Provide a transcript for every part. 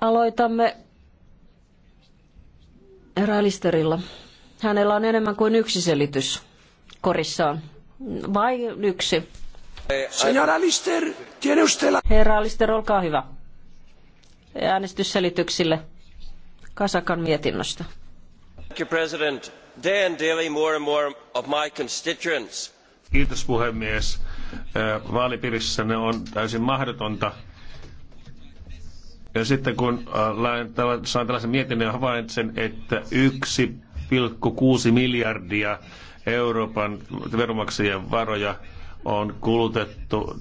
Aloitamme herra Listerilla. Hänellä on enemmän kuin yksi selitys korissaan. Vai yksi? Señora Lister, tiene usted la... Herra Lister, olkaa hyvä. Äänestysselityksille Kasakan mietinnöstä. Mr. President, day and daily more and more of my constituents. Kiitos puhemies. Vaalipiirissäni on täysin mahdotonta ja sitten kun äh, saan tällaisen mietinnön ja havaitsen, että 1,6 miljardia Euroopan veronmaksajien varoja on kulutettu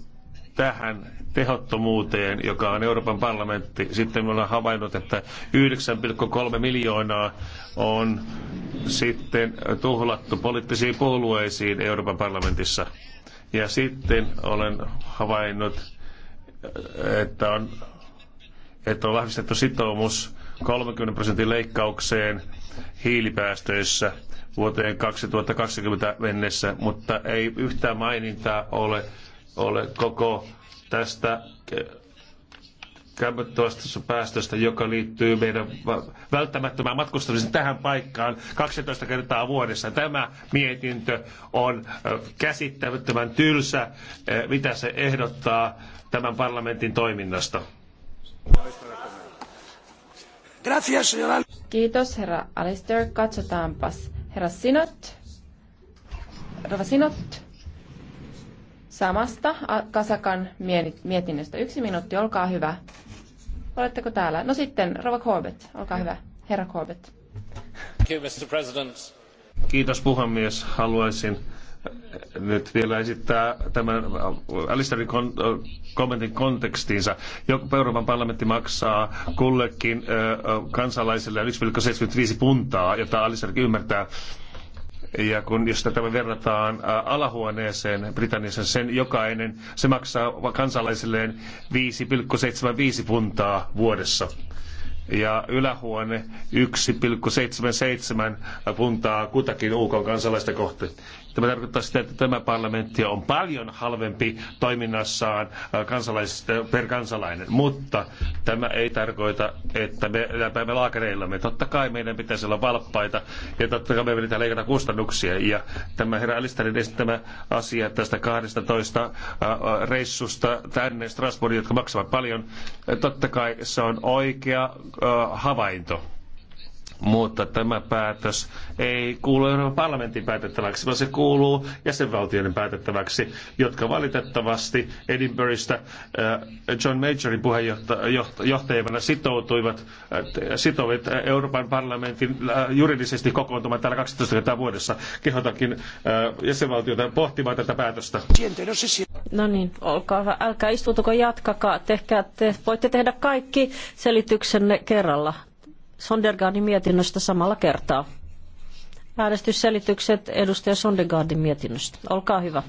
tähän tehottomuuteen, joka on Euroopan parlamentti. Sitten me ollaan havainnut, että 9,3 miljoonaa on sitten tuhlattu poliittisiin puolueisiin Euroopan parlamentissa. Ja sitten olen havainnut, että on että on vahvistettu sitoumus 30 prosentin leikkaukseen hiilipäästöissä vuoteen 2020 mennessä, mutta ei yhtään mainintaa ole, ole koko tästä eh, käymättävästä päästöstä, joka liittyy meidän välttämättömään matkustamiseen tähän paikkaan 12 kertaa vuodessa. Tämä mietintö on eh, käsittämättömän tylsä, eh, mitä se ehdottaa tämän parlamentin toiminnasta. Kiitos, herra Alistair. Katsotaanpas. Herra Sinot, Rova Sinot, samasta Kasakan mietinnöstä. Yksi minuutti, olkaa hyvä. Oletteko täällä? No sitten, Rova Corbett, olkaa hyvä. Herra Corbett. Kiitos, puhemies. Haluaisin nyt vielä esittää tämän Alistairin kon, kommentin kontekstiinsa. Joku Euroopan parlamentti maksaa kullekin kansalaiselle 1,75 puntaa, jota Alistairkin ymmärtää. Ja kun, jos tätä verrataan alahuoneeseen Britanniassa, niin sen jokainen, se maksaa kansalaisilleen 5,75 puntaa vuodessa ja ylähuone 1,77 puntaa kutakin UK kansalaista kohti. Tämä tarkoittaa sitä, että tämä parlamentti on paljon halvempi toiminnassaan äh, per kansalainen, mutta tämä ei tarkoita, että me läpäämme laakereillamme. Totta kai meidän pitäisi olla valppaita ja totta kai meidän pitää leikata kustannuksia. Ja tämä herra Alistarin esittämä asia tästä 12 äh, reissusta tänne Strasbourgiin, jotka maksavat paljon, äh, totta kai se on oikea havainto. Mutta tämä päätös ei kuulu Euroopan parlamentin päätettäväksi, vaan se kuuluu jäsenvaltioiden päätettäväksi, jotka valitettavasti Edinburghista John Majorin puheenjohtajana sitoutuivat, sitoutuivat Euroopan parlamentin juridisesti kokoontumaan täällä 12 kertaa vuodessa. Kehotankin jäsenvaltioita pohtimaan tätä päätöstä. No niin, olkaa hyvä. Älkää istutuko, jatkakaa. Tehkää, te voitte tehdä kaikki selityksenne kerralla. Sondergaardin mietinnöstä samalla kertaa. Äänestysselitykset edustaja Sondergaardin mietinnöstä. Olkaa hyvä.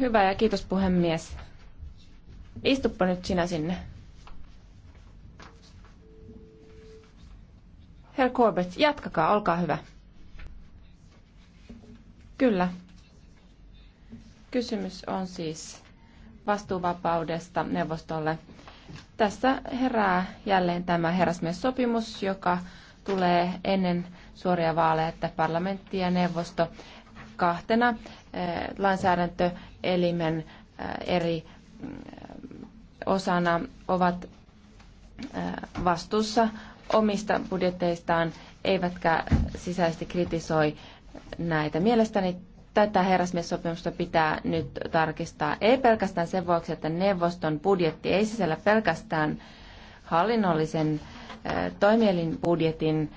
Hyvä ja kiitos puhemies. Istuppa nyt sinä sinne. Herr Corbett, jatkakaa, olkaa hyvä. Kyllä, Kysymys on siis vastuuvapaudesta neuvostolle. Tässä herää jälleen tämä herrasmies-sopimus, joka tulee ennen suoria vaaleja, että parlamentti ja neuvosto kahtena eh, lainsäädäntöelimen eh, eri mm, osana ovat eh, vastuussa omista budjetteistaan, eivätkä sisäisesti kritisoi näitä. Mielestäni tätä herrasmiessopimusta pitää nyt tarkistaa. Ei pelkästään sen vuoksi, että neuvoston budjetti ei sisällä pelkästään hallinnollisen toimielin budjetin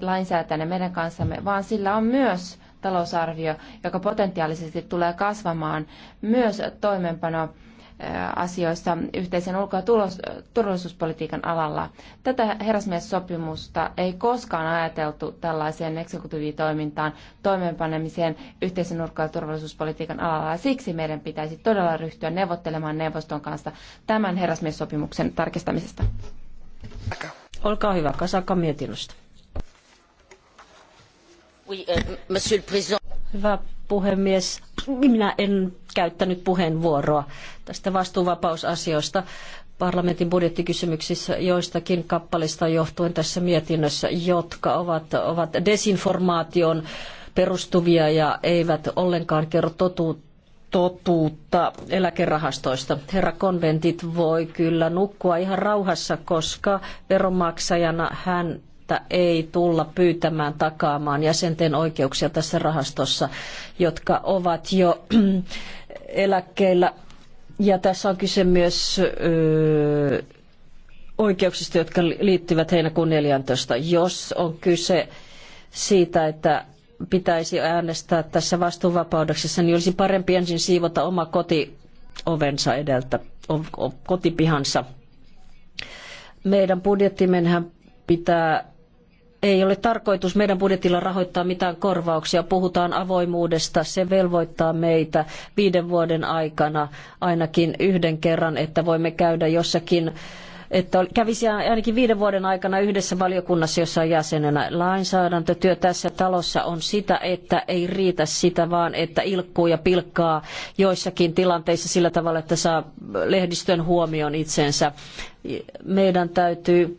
lainsäätäjänä meidän kanssamme, vaan sillä on myös talousarvio, joka potentiaalisesti tulee kasvamaan myös toimenpano asioissa yhteisen ulko- ja turvallisuuspolitiikan alalla. Tätä herrasmies-sopimusta ei koskaan ajateltu tällaiseen eksekutiivitoimintaan toimeenpanemiseen yhteisen ulko- ja turvallisuuspolitiikan alalla. Siksi meidän pitäisi todella ryhtyä neuvottelemaan neuvoston kanssa tämän herrasmies-sopimuksen tarkistamisesta. Olkaa hyvä, Kasaka mietinnöstä. Oui, euh, Hyvä puhemies. Minä en käyttänyt puheenvuoroa tästä vastuuvapausasioista parlamentin budjettikysymyksissä joistakin kappalista johtuen tässä mietinnössä, jotka ovat, ovat desinformaation perustuvia ja eivät ollenkaan kerro totuutta totuutta eläkerahastoista. Herra konventit voi kyllä nukkua ihan rauhassa, koska veronmaksajana hän että ei tulla pyytämään takaamaan jäsenten oikeuksia tässä rahastossa, jotka ovat jo eläkkeellä. Ja tässä on kyse myös ö, oikeuksista, jotka liittyvät heinäkuun 14. Jos on kyse siitä, että pitäisi äänestää tässä vastuunvapaudeksessa, niin olisi parempi ensin siivota oma kotiovensa edeltä, kotipihansa. Meidän budjettimenhän pitää ei ole tarkoitus meidän budjetilla rahoittaa mitään korvauksia. Puhutaan avoimuudesta. Se velvoittaa meitä viiden vuoden aikana ainakin yhden kerran, että voimme käydä jossakin että kävisi ainakin viiden vuoden aikana yhdessä valiokunnassa, jossa on jäsenenä lainsäädäntötyö tässä talossa on sitä, että ei riitä sitä, vaan että ilkkuu ja pilkkaa joissakin tilanteissa sillä tavalla, että saa lehdistön huomion itsensä. Meidän täytyy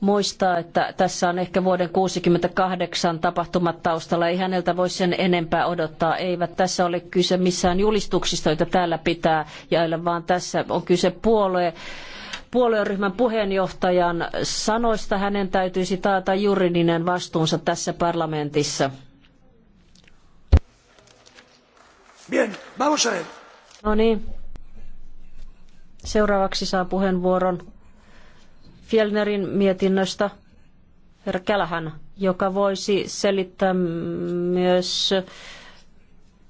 muistaa, että tässä on ehkä vuoden 68 tapahtumat taustalla. Ei häneltä voi sen enempää odottaa. Eivät tässä ole kyse missään julistuksista, joita täällä pitää jailla, vaan tässä on kyse puolue puolueryhmän puheenjohtajan sanoista hänen täytyisi taata juridinen vastuunsa tässä parlamentissa. Bien, vamos a ver. No niin. Seuraavaksi saa puheenvuoron Fjellnerin mietinnöstä, herra Kälähän, joka voisi selittää myös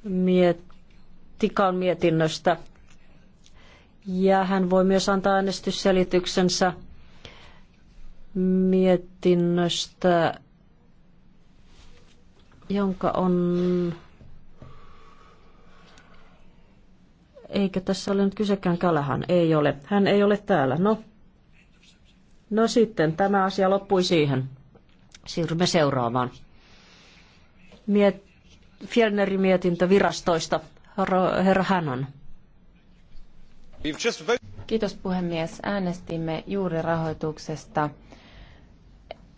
miet, Tikan mietinnöstä. Ja hän voi myös antaa äänestysselityksensä mietinnöstä, jonka on... Eikä tässä ole nyt kysekään Kälähän, ei ole. Hän ei ole täällä. No, No sitten tämä asia loppui siihen. Siirrymme seuraavaan. Miet, Fjellnerin mietintö virastoista. Herra Hannon. Kiitos puhemies. Äänestimme juuri rahoituksesta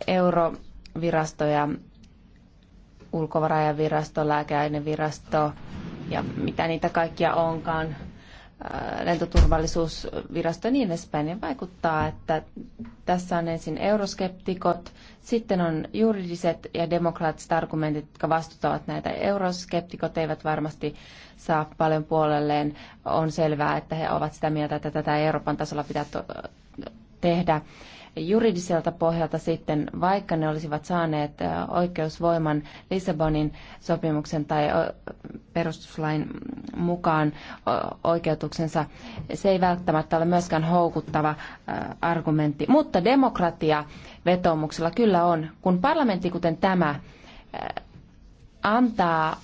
eurovirastoja, ulkovarajavirasto, lääkeainevirasto ja mitä niitä kaikkia onkaan, Äh, lentoturvallisuusvirasto ja niin edespäin, niin vaikuttaa, että tässä on ensin euroskeptikot, sitten on juridiset ja demokraattiset argumentit, jotka vastustavat näitä. Euroskeptikot eivät varmasti saa paljon puolelleen. On selvää, että he ovat sitä mieltä, että tätä Euroopan tasolla pitää tehdä juridiselta pohjalta sitten, vaikka ne olisivat saaneet oikeusvoiman Lissabonin sopimuksen tai perustuslain mukaan oikeutuksensa, se ei välttämättä ole myöskään houkuttava argumentti. Mutta demokratia vetoomuksella kyllä on. Kun parlamentti kuten tämä antaa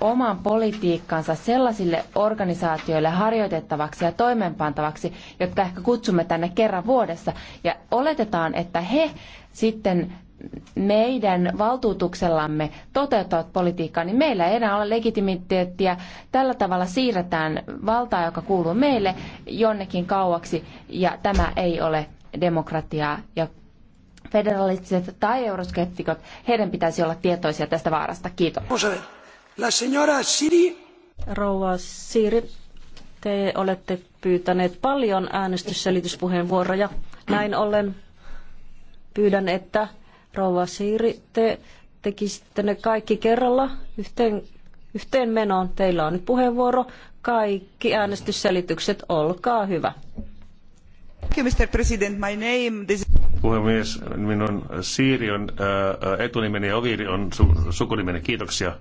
oman politiikkansa sellaisille organisaatioille harjoitettavaksi ja toimeenpantavaksi, jotka ehkä kutsumme tänne kerran vuodessa. Ja oletetaan, että he sitten meidän valtuutuksellamme toteuttavat politiikkaa, niin meillä ei enää ole legitimiteettiä. Tällä tavalla siirretään valtaa, joka kuuluu meille, jonnekin kauaksi, ja tämä ei ole demokratiaa. Ja federalistiset tai euroskeptikot, heidän pitäisi olla tietoisia tästä vaarasta. Kiitos. La Siri. Rouva te olette pyytäneet paljon äänestysselityspuheenvuoroja. Näin ollen pyydän, että rouva Siiri, te tekisitte ne kaikki kerralla yhteen, yhteen menoon. Teillä on nyt puheenvuoro. Kaikki äänestysselitykset, olkaa hyvä. Puhemies, minun Siiri on etunimeni ja Oviiri on su- sukunimeni. Kiitoksia.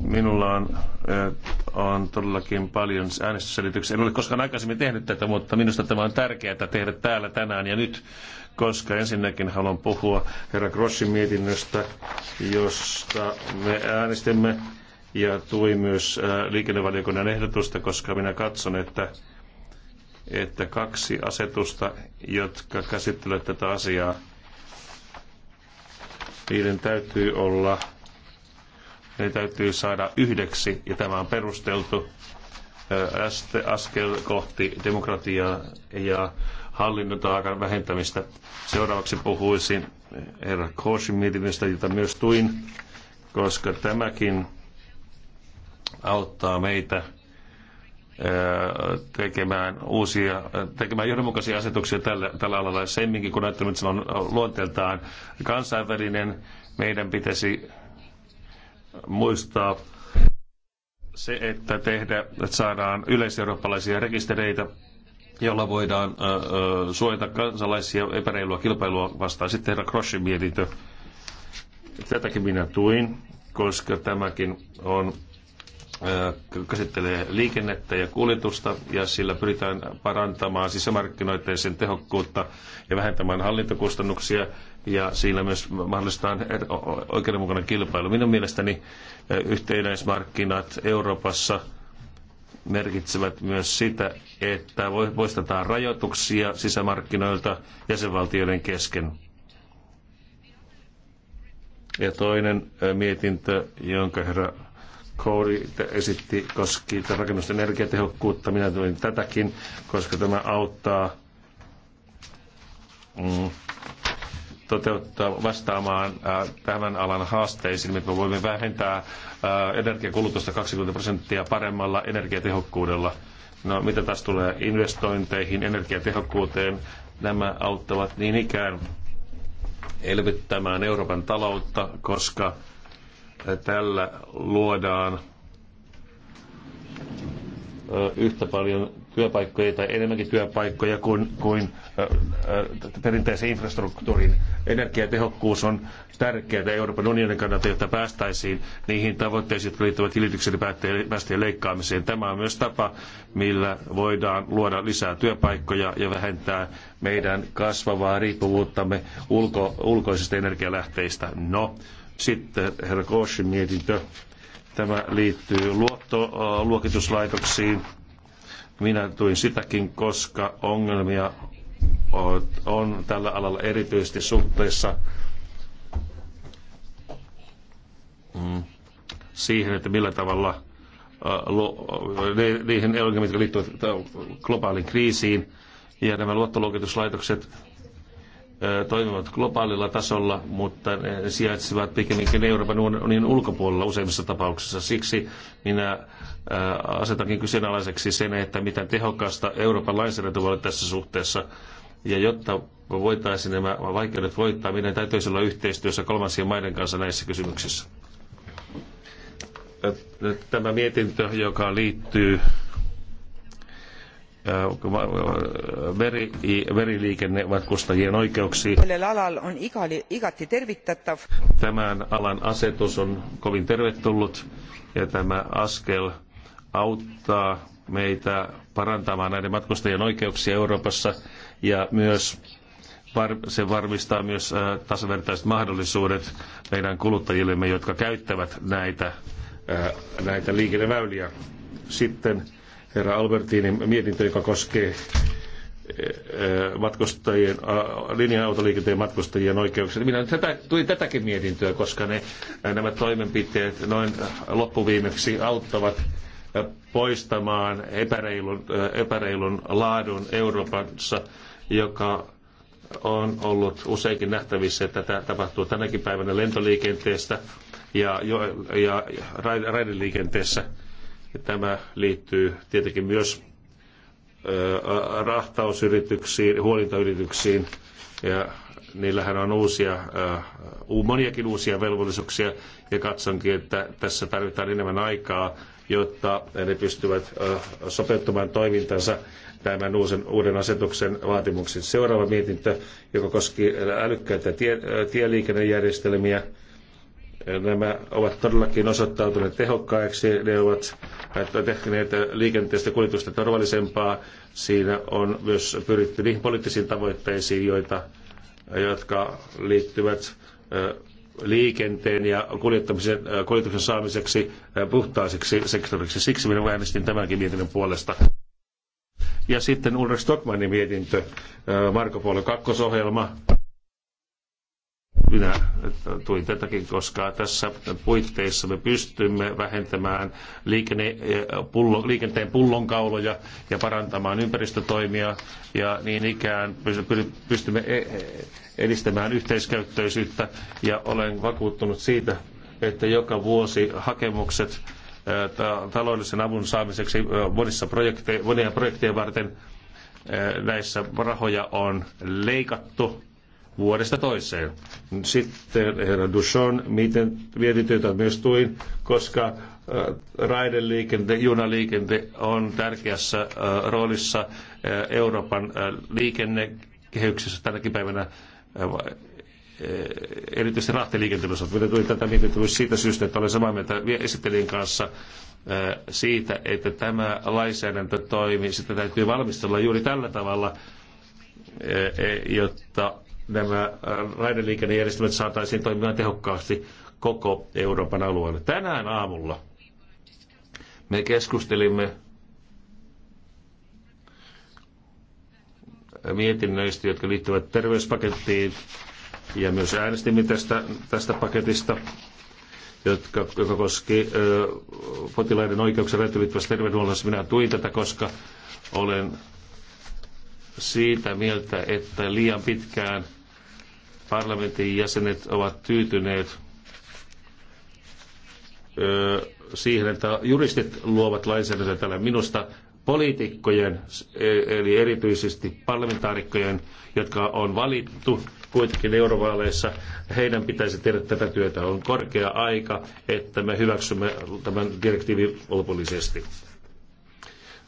Minulla on, eh, on todellakin paljon äänestysselityksiä. En ole koskaan aikaisemmin tehnyt tätä, mutta minusta tämä on tärkeää tehdä täällä tänään ja nyt, koska ensinnäkin haluan puhua herra Grossin mietinnöstä, josta me äänestimme ja tuin myös eh, liikennevaliokunnan ehdotusta, koska minä katson, että, että kaksi asetusta, jotka käsittelevät tätä asiaa, niiden täytyy olla ne täytyy saada yhdeksi, ja tämä on perusteltu askel kohti demokratiaa ja hallinnotaakan vähentämistä. Seuraavaksi puhuisin herra Koosin mietinnöstä, jota myös tuin, koska tämäkin auttaa meitä tekemään uusia, tekemään johdonmukaisia asetuksia tällä, tällä alalla. Semminkin kun ajattelemme, että se on luonteeltaan kansainvälinen, meidän pitäisi muistaa se, että tehdä, että saadaan yleiseurooppalaisia rekistereitä, jolla voidaan ö, ö, suojata kansalaisia epäreilua kilpailua vastaan. Sitten herra Kroshin mietintö. Tätäkin minä tuin, koska tämäkin on ö, käsittelee liikennettä ja kuljetusta ja sillä pyritään parantamaan sisämarkkinoiden sen tehokkuutta ja vähentämään hallintokustannuksia ja siinä myös mahdollistetaan oikeudenmukainen kilpailu. Minun mielestäni yhtenäismarkkinat Euroopassa merkitsevät myös sitä, että poistetaan rajoituksia sisämarkkinoilta jäsenvaltioiden kesken. Ja toinen mietintö, jonka herra Kouri esitti, koski rakennusten energiatehokkuutta. Minä tulin. tätäkin, koska tämä auttaa mm, toteuttaa vastaamaan äh, tämän alan haasteisiin, että me voimme vähentää äh, energiakulutusta 20 prosenttia paremmalla energiatehokkuudella. No, mitä taas tulee investointeihin, energiatehokkuuteen, nämä auttavat niin ikään elvyttämään Euroopan taloutta, koska äh, tällä luodaan yhtä paljon työpaikkoja tai enemmänkin työpaikkoja kuin, kuin perinteisen infrastruktuurin. Energiatehokkuus on tärkeää Euroopan unionin kannalta, jotta päästäisiin niihin tavoitteisiin, jotka liittyvät hiilityksen päästöjen leikkaamiseen. Tämä on myös tapa, millä voidaan luoda lisää työpaikkoja ja vähentää meidän kasvavaa riippuvuuttamme ulko, ulkoisista energialähteistä. No, sitten herra Koshin mietintö. Tämä liittyy luottoluokituslaitoksiin. Minä tuin sitäkin, koska ongelmia on tällä alalla erityisesti suhteessa mm, siihen, että millä tavalla niihin ongelmiin, jotka liittyvät globaaliin kriisiin. Ja nämä luottoluokituslaitokset toimivat globaalilla tasolla, mutta ne sijaitsevat pikemminkin Euroopan unionin ulkopuolella useimmissa tapauksissa. Siksi minä asetankin kyseenalaiseksi sen, että miten tehokasta Euroopan lainsäädäntö voi olla tässä suhteessa. Ja jotta voitaisiin nämä vaikeudet voittaa, meidän täytyisi olla yhteistyössä kolmansien maiden kanssa näissä kysymyksissä. Tämä mietintö, joka liittyy veri meriliikennematkustajien oikeuksiin. on igati Tämän alan asetus on kovin tervetullut ja tämä askel auttaa meitä parantamaan näiden matkustajien oikeuksia Euroopassa ja myös se varmistaa myös äh, tasavertaiset mahdollisuudet meidän kuluttajillemme, jotka käyttävät näitä, äh, näitä liikenneväyliä. Sitten herra Albertinin mietintö, joka koskee äh, matkustajien, linja-autoliikenteen matkustajien oikeuksia. Minä tätä, tuin tätäkin mietintöä, koska ne, nämä toimenpiteet noin loppuviimeksi auttavat poistamaan epäreilun, epäreilun laadun Euroopassa, joka on ollut useinkin nähtävissä, että tämä tapahtuu tänäkin päivänä lentoliikenteestä ja, ja, ja raideliikenteessä. Tämä liittyy tietenkin myös rahtausyrityksiin, huolintayrityksiin ja niillähän on uusia, äh, moniakin uusia velvollisuuksia ja katsonkin, että tässä tarvitaan enemmän aikaa, jotta ne pystyvät äh, sopeuttamaan toimintansa tämän uusen, uuden asetuksen vaatimuksiin. Seuraava mietintö, joka koski älykkäitä tie, äh, tieliikennejärjestelmiä, nämä ovat todellakin osoittautuneet tehokkaiksi. Ne ovat tehneet liikenteestä kuljetusta turvallisempaa Siinä on myös pyritty niihin poliittisiin tavoitteisiin, joita, jotka liittyvät liikenteen ja kuljettamisen, kuljetuksen saamiseksi puhtaaseksi sektoriksi. Siksi minä äänestin tämänkin mietinnön puolesta. Ja sitten Ulrich Stockmannin mietintö, Marko Polo kakkosohjelma minä tuin tätäkin, koska tässä puitteissa me pystymme vähentämään liikenne, eh, pullo, liikenteen pullonkauloja ja parantamaan ympäristötoimia ja niin ikään pystymme eh, eh, edistämään yhteiskäyttöisyyttä ja olen vakuuttunut siitä, että joka vuosi hakemukset taloudellisen avun saamiseksi monissa projekteja, monia projekteja varten näissä rahoja on leikattu vuodesta toiseen. Sitten herra Duchon, miten vietityötä myös tuin, koska äh, raideliikente, junaliikente on tärkeässä äh, roolissa äh, Euroopan liikennekehyksessä tänäkin päivänä erityisesti rahtiliikenteen osalta. tuli tätä mietintä myös siitä syystä, että olen samaa mieltä esittelin kanssa siitä, että tämä lainsäädäntö toimii. Sitä täytyy valmistella juuri tällä tavalla, jotta nämä äh, raideliikennejärjestelmät saataisiin toimimaan tehokkaasti koko Euroopan alueelle. Tänään aamulla me keskustelimme mietinnöistä, jotka liittyvät terveyspakettiin ja myös äänestimme tästä, tästä paketista, jotka, joka koski ö, potilaiden oikeuksia räätälöityvässä terveydenhuollossa. Minä tuin tätä, koska olen siitä mieltä, että liian pitkään parlamentin jäsenet ovat tyytyneet siihen, että juristit luovat lainsäädäntöä tällä. Minusta poliitikkojen, e, eli erityisesti parlamentaarikkojen, jotka on valittu kuitenkin eurovaaleissa, heidän pitäisi tehdä tätä työtä. On korkea aika, että me hyväksymme tämän direktiivin lopullisesti.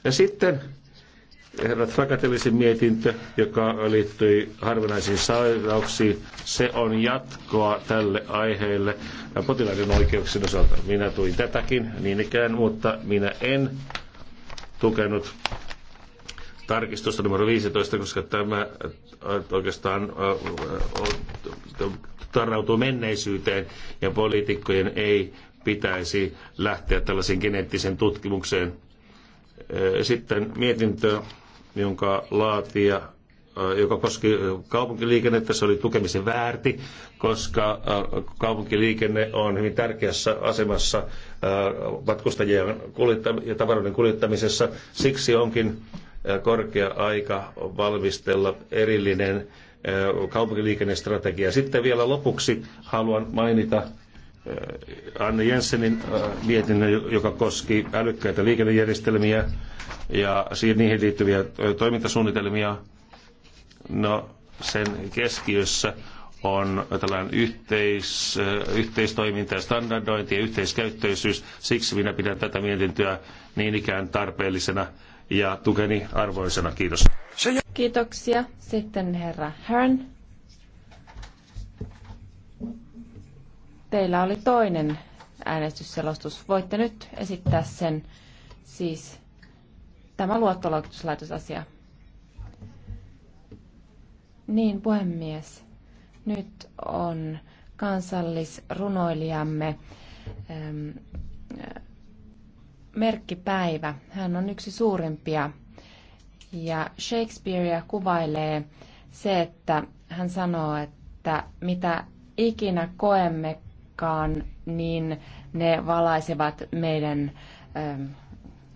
Ja sitten herra Trakatelisin mietintö, joka liittyi harvinaisiin sairauksiin, se on jatkoa tälle aiheelle potilaiden oikeuksien osalta. Minä tuin tätäkin niin ikään, mutta minä en tukenut tarkistusta numero 15, koska tämä äh, oikeastaan äh, tarrautuu menneisyyteen ja poliitikkojen ei pitäisi lähteä tällaisen geneettisen tutkimukseen. Äh, sitten mietintö jonka laatija joka koski kaupunkiliikennettä, se oli tukemisen väärti, koska kaupunkiliikenne on hyvin tärkeässä asemassa matkustajien ja tavaroiden kuljettamisessa. Siksi onkin korkea aika valmistella erillinen kaupunkiliikennestrategia. Sitten vielä lopuksi haluan mainita Anne Jensenin äh, mietinnön, joka koski älykkäitä liikennejärjestelmiä ja niihin liittyviä toimintasuunnitelmia. No, sen keskiössä on tällainen yhteis, yhteistoiminta ja standardointi ja yhteiskäyttöisyys. Siksi minä pidän tätä mietintöä niin ikään tarpeellisena ja tukeni arvoisena. Kiitos. Kiitoksia. Sitten herra Hearn. Teillä oli toinen äänestysselostus. Voitte nyt esittää sen, siis tämä luottoluokituslaitosasia. Niin, puhemies. Nyt on kansallisrunoilijamme ähm, äh, merkkipäivä. Hän on yksi suurimpia. Ja Shakespearea kuvailee se, että hän sanoo, että mitä ikinä koemme aikaan, niin ne valaisevat meidän ähm,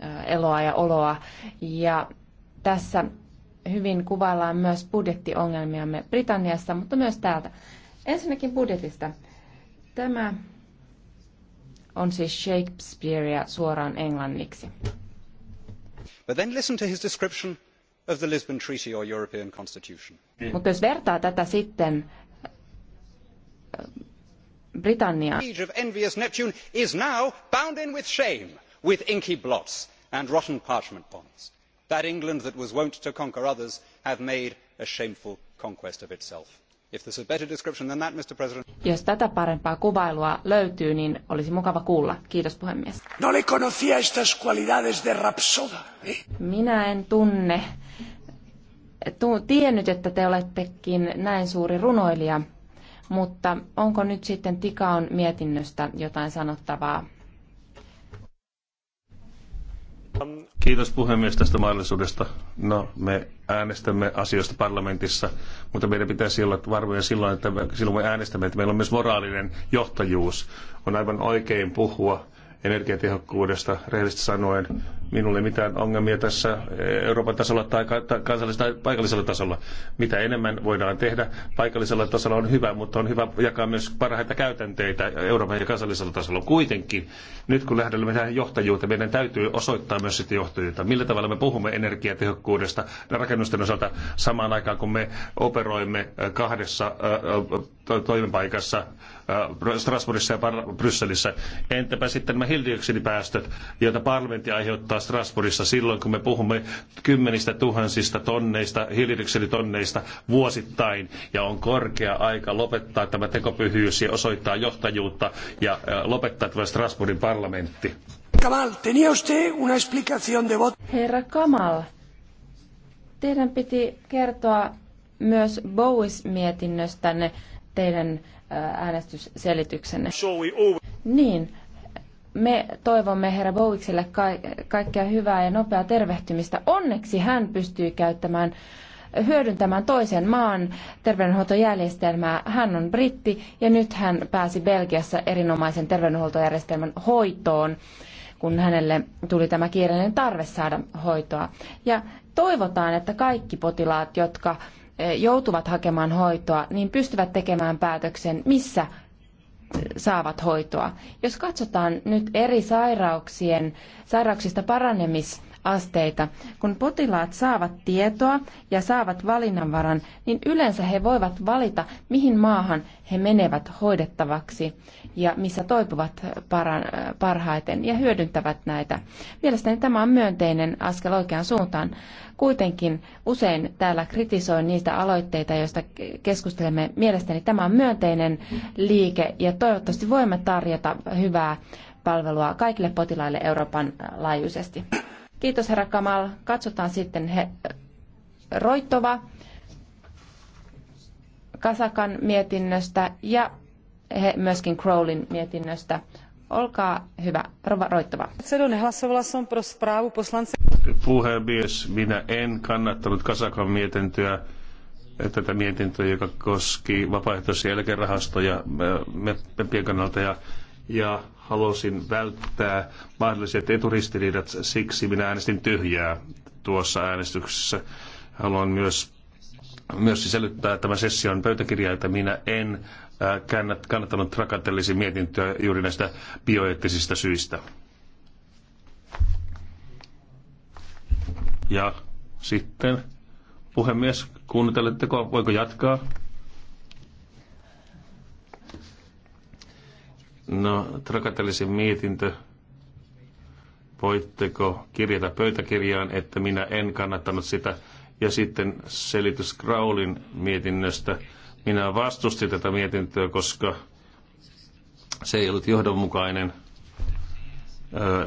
äh, eloa ja oloa. Ja tässä hyvin kuvaillaan myös budjettiongelmiamme Britanniassa, mutta myös täältä. Ensinnäkin budjetista. Tämä on siis Shakespearea suoraan englanniksi. But then listen to his description of the Lisbon Treaty or European Constitution. Mutta jos vertaa tätä sitten britanniaan. with inky blots and rotten parchment bonds that england that was wont to conquer others hath made a shameful conquest of itself. if there a better description than that mr president. jos tätä parempaa kuvailua löytyy niin olisi mukava kuulla. kiitos puhemies. No le conocía estas cualidades de rapsoda. Eh? Minä en tunne tu, tiennyt, että te olettekin näin suuri runoilija. Mutta onko nyt sitten Tikaon mietinnöstä jotain sanottavaa? Kiitos puhemies tästä mahdollisuudesta. No, me äänestämme asioista parlamentissa, mutta meidän pitäisi olla varmoja silloin, että me, silloin me äänestämme, että meillä on myös moraalinen johtajuus. On aivan oikein puhua energiatehokkuudesta, rehellisesti sanoen Minulle mitään ongelmia tässä eh, Euroopan tasolla tai kansallisella tai paikallisella tasolla. Mitä enemmän voidaan tehdä paikallisella tasolla on hyvä, mutta on hyvä jakaa myös parhaita käytänteitä Euroopan ja kansallisella tasolla. Kuitenkin nyt kun lähdemme tähän johtajuuteen, meidän täytyy osoittaa myös sitä johtajuutta. Millä tavalla me puhumme energiatehokkuudesta rakennusten osalta samaan aikaan, kun me operoimme eh, kahdessa eh, toimipaikassa Strasbourgissa ja Brysselissä. Entäpä sitten nämä hiilidioksidipäästöt, joita parlamentti aiheuttaa puhutaan Strasbourgissa silloin, kun me puhumme kymmenistä tuhansista tonneista, hiilidioksiditonneista vuosittain. Ja on korkea aika lopettaa tämä tekopyhyys ja osoittaa johtajuutta ja lopettaa tämä Strasbourgin parlamentti. Kamal, tenía usted una explicación de voto. Herra Kamal, teidän piti kertoa myös Bowis-mietinnöstänne teidän äänestysselityksenne. Niin, me toivomme herra Bowikselle ka- kaikkea hyvää ja nopeaa tervehtymistä. Onneksi hän pystyy käyttämään hyödyntämään toisen maan terveydenhuoltojärjestelmää. Hän on britti ja nyt hän pääsi Belgiassa erinomaisen terveydenhuoltojärjestelmän hoitoon, kun hänelle tuli tämä kiireinen tarve saada hoitoa. Ja toivotaan, että kaikki potilaat, jotka eh, joutuvat hakemaan hoitoa, niin pystyvät tekemään päätöksen, missä saavat hoitoa. Jos katsotaan nyt eri sairauksien, sairauksista paranemis asteita. Kun potilaat saavat tietoa ja saavat valinnanvaran, niin yleensä he voivat valita, mihin maahan he menevät hoidettavaksi ja missä toipuvat parhaiten ja hyödyntävät näitä. Mielestäni tämä on myönteinen askel oikeaan suuntaan. Kuitenkin usein täällä kritisoin niitä aloitteita, joista keskustelemme. Mielestäni tämä on myönteinen liike ja toivottavasti voimme tarjota hyvää palvelua kaikille potilaille Euroopan laajuisesti. Kiitos herra Kamal. Katsotaan sitten he, Roittova Kasakan mietinnöstä ja he, myöskin Crowlin mietinnöstä. Olkaa hyvä, Rova Roittova. Puhemies, minä en kannattanut Kasakan mietintöä tätä mietintöä, joka koski vapaaehtoisia eläkerahastoja meppien kannalta ja, ja halusin välttää mahdolliset eturistiriidat, siksi minä äänestin tyhjää tuossa äänestyksessä. Haluan myös, myös sisällyttää tämän session pöytäkirjaa, että minä en äh, kannattanut trakatellisen mietintöä juuri näistä bioeettisistä syistä. Ja sitten puhemies, kuunteletteko, voiko jatkaa? No, Trakatelisin mietintö. Voitteko kirjata pöytäkirjaan, että minä en kannattanut sitä? Ja sitten selitys Graulin mietinnöstä. Minä vastustin tätä mietintöä, koska se ei ollut johdonmukainen.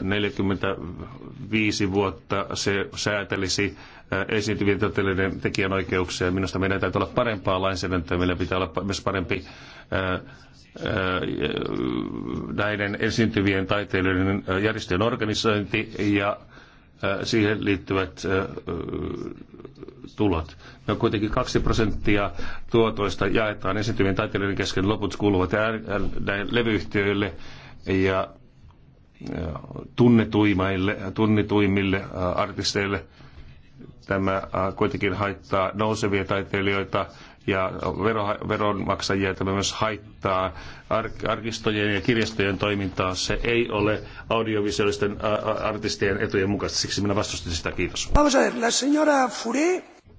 45 vuotta se säätelisi esiintyvien tekijöiden tekijänoikeuksia. Minusta meidän täytyy olla parempaa lainsäädäntöä, meillä pitää olla myös parempi näiden esiintyvien taiteilijoiden järjestöjen organisointi ja siihen liittyvät tulot. No kuitenkin 2 prosenttia tuotoista jaetaan esiintyvien taiteilijoiden kesken, loput kuuluvat levyyhtiöille ja tunnetuimille, tunnetuimmille artisteille. Tämä kuitenkin haittaa nousevia taiteilijoita, ja vero, veronmaksajia tämä myös haittaa arkistojen ja kirjastojen toimintaa. Se ei ole audiovisuaalisten artistien etujen mukaista, siksi minä vastustin sitä. Kiitos.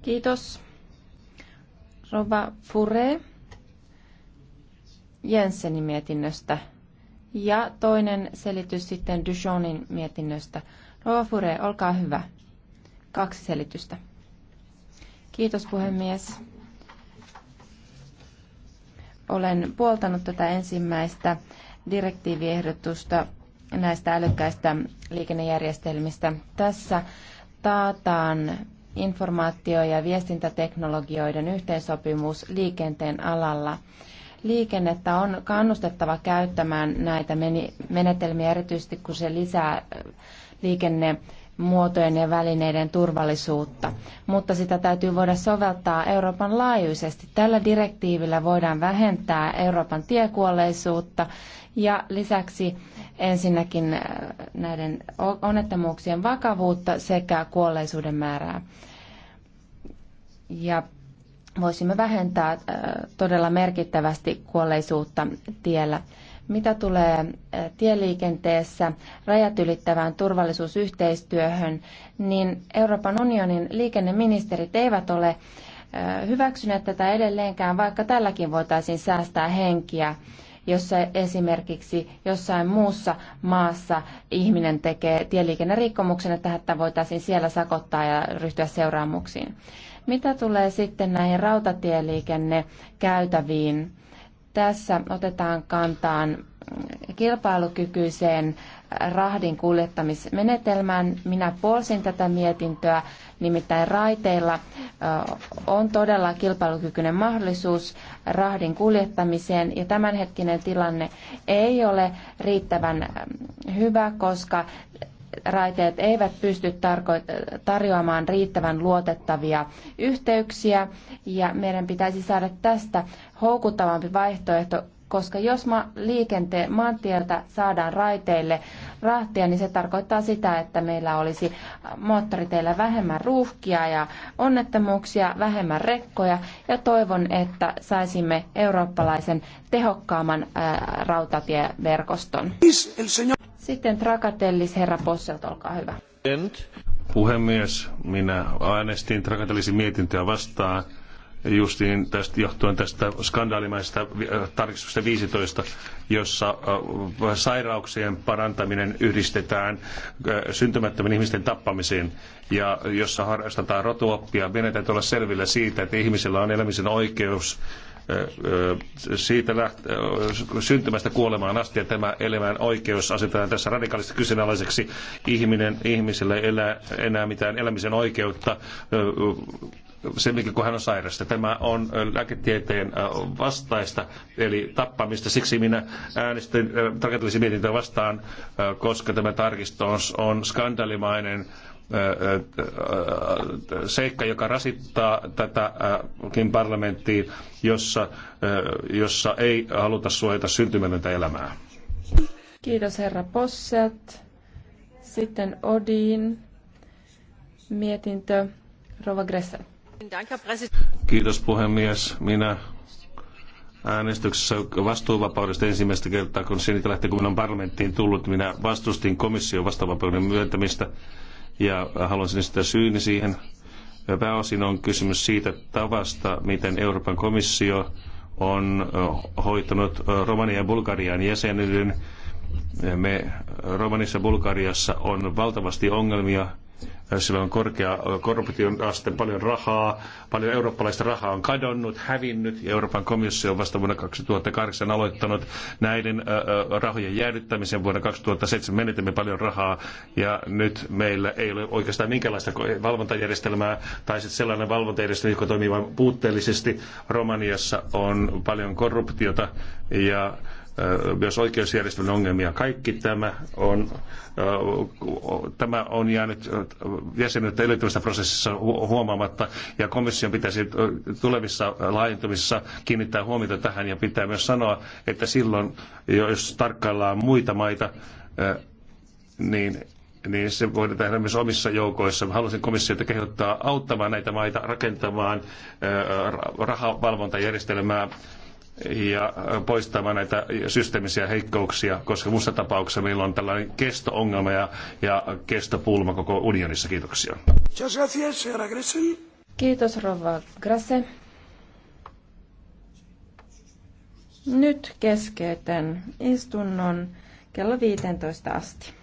Kiitos. Rova Fure Jensenin mietinnöstä ja toinen selitys sitten Dujonin mietinnöstä. Rova Fure, olkaa hyvä. Kaksi selitystä. Kiitos puhemies. Olen puoltanut tätä ensimmäistä direktiiviehdotusta näistä älykkäistä liikennejärjestelmistä. Tässä taataan informaatio- ja viestintäteknologioiden yhteensopimus liikenteen alalla. Liikennettä on kannustettava käyttämään näitä menetelmiä erityisesti, kun se lisää liikenne muotojen ja välineiden turvallisuutta, mutta sitä täytyy voida soveltaa Euroopan laajuisesti. Tällä direktiivillä voidaan vähentää Euroopan tiekuolleisuutta ja lisäksi ensinnäkin äh, näiden onnettomuuksien vakavuutta sekä kuolleisuuden määrää. Ja voisimme vähentää äh, todella merkittävästi kuolleisuutta tiellä. Mitä tulee eh, tieliikenteessä rajat ylittävään turvallisuusyhteistyöhön, niin Euroopan unionin liikenneministerit eivät ole eh, hyväksyneet tätä edelleenkään, vaikka tälläkin voitaisiin säästää henkiä jossa esimerkiksi jossain muussa maassa ihminen tekee tieliikennerikkomuksen, että häntä voitaisiin siellä sakottaa ja ryhtyä seuraamuksiin. Mitä tulee sitten näihin rautatieliikennekäytäviin, tässä otetaan kantaan kilpailukykyiseen rahdin kuljettamismenetelmään. Minä puolsin tätä mietintöä, nimittäin raiteilla on todella kilpailukykyinen mahdollisuus rahdin kuljettamiseen ja tämänhetkinen tilanne ei ole riittävän hyvä, koska raiteet eivät pysty tarjoamaan riittävän luotettavia yhteyksiä ja meidän pitäisi saada tästä houkuttavampi vaihtoehto, koska jos ma- liikenteen maantieltä saadaan raiteille rahtia, niin se tarkoittaa sitä, että meillä olisi moottoriteillä vähemmän ruuhkia ja onnettomuuksia, vähemmän rekkoja ja toivon, että saisimme eurooppalaisen tehokkaamman ää, rautatieverkoston. Sitten Trakatellis, herra Posselt, olkaa hyvä. Puhemies, minä äänestin Trakatellisin mietintöä vastaan justiin tästä, johtuen tästä skandaalimaisesta äh, tarkistusta 15, jossa äh, sairauksien parantaminen yhdistetään äh, syntymättömän ihmisten tappamiseen ja jossa harrastetaan rotuoppia. Meidän täytyy olla selvillä siitä, että ihmisillä on elämisen oikeus siitä syntymästä kuolemaan asti ja tämä elämän oikeus asetetaan tässä radikaalisti kyseenalaiseksi. Ihminen, ihmiselle ei elä, enää mitään elämisen oikeutta semminkin kun hän on sairasta. Tämä on lääketieteen vastaista, eli tappamista. Siksi minä äänestin rakenteellisen mietintöä vastaan, koska tämä tarkistus on skandalimainen seikka, joka rasittaa tätäkin parlamenttia, jossa, jossa ei haluta suojata syntymätöntä elämää. Kiitos herra Posset. Sitten Odin. Mietintö. Rova Gressel. Kiitos puhemies. Minä äänestyksessä vastuuvapaudesta ensimmäistä kertaa, kun sinitä lähtien, kun on parlamenttiin tullut, minä vastustin komission vastuuvapauden myöntämistä ja haluaisin esittää syyni siihen. Pääosin on kysymys siitä tavasta, miten Euroopan komissio on hoitanut romania ja Bulgarian jäsenyyden. Me Romanissa ja Bulgariassa on valtavasti ongelmia sillä on korkea korruption aste, paljon rahaa, paljon eurooppalaista rahaa on kadonnut, hävinnyt ja Euroopan komissio on vasta vuonna 2008 aloittanut näiden rahojen jäädyttämisen. Vuonna 2007 menetimme paljon rahaa ja nyt meillä ei ole oikeastaan minkäänlaista valvontajärjestelmää tai sitten sellainen valvontajärjestelmä, joka toimii vain puutteellisesti. Romaniassa on paljon korruptiota ja myös oikeusjärjestelmän ongelmia. Kaikki tämä on, tämä on jäänyt jäsenyyttä edellyttävässä prosessissa huomaamatta, ja komission pitäisi tulevissa laajentumisissa kiinnittää huomiota tähän, ja pitää myös sanoa, että silloin, jos tarkkaillaan muita maita, niin niin se voidaan tehdä myös omissa joukoissa. Haluaisin komissiota kehottaa auttamaan näitä maita rakentamaan rahavalvontajärjestelmää ja äh, poistamaan näitä systeemisiä heikkouksia, koska muussa tapauksessa meillä on tällainen kesto-ongelma ja, ja kestopulma koko unionissa. Kiitoksia. Kiitos, Rova Grasse. Nyt keskeytän istunnon kello 15 asti.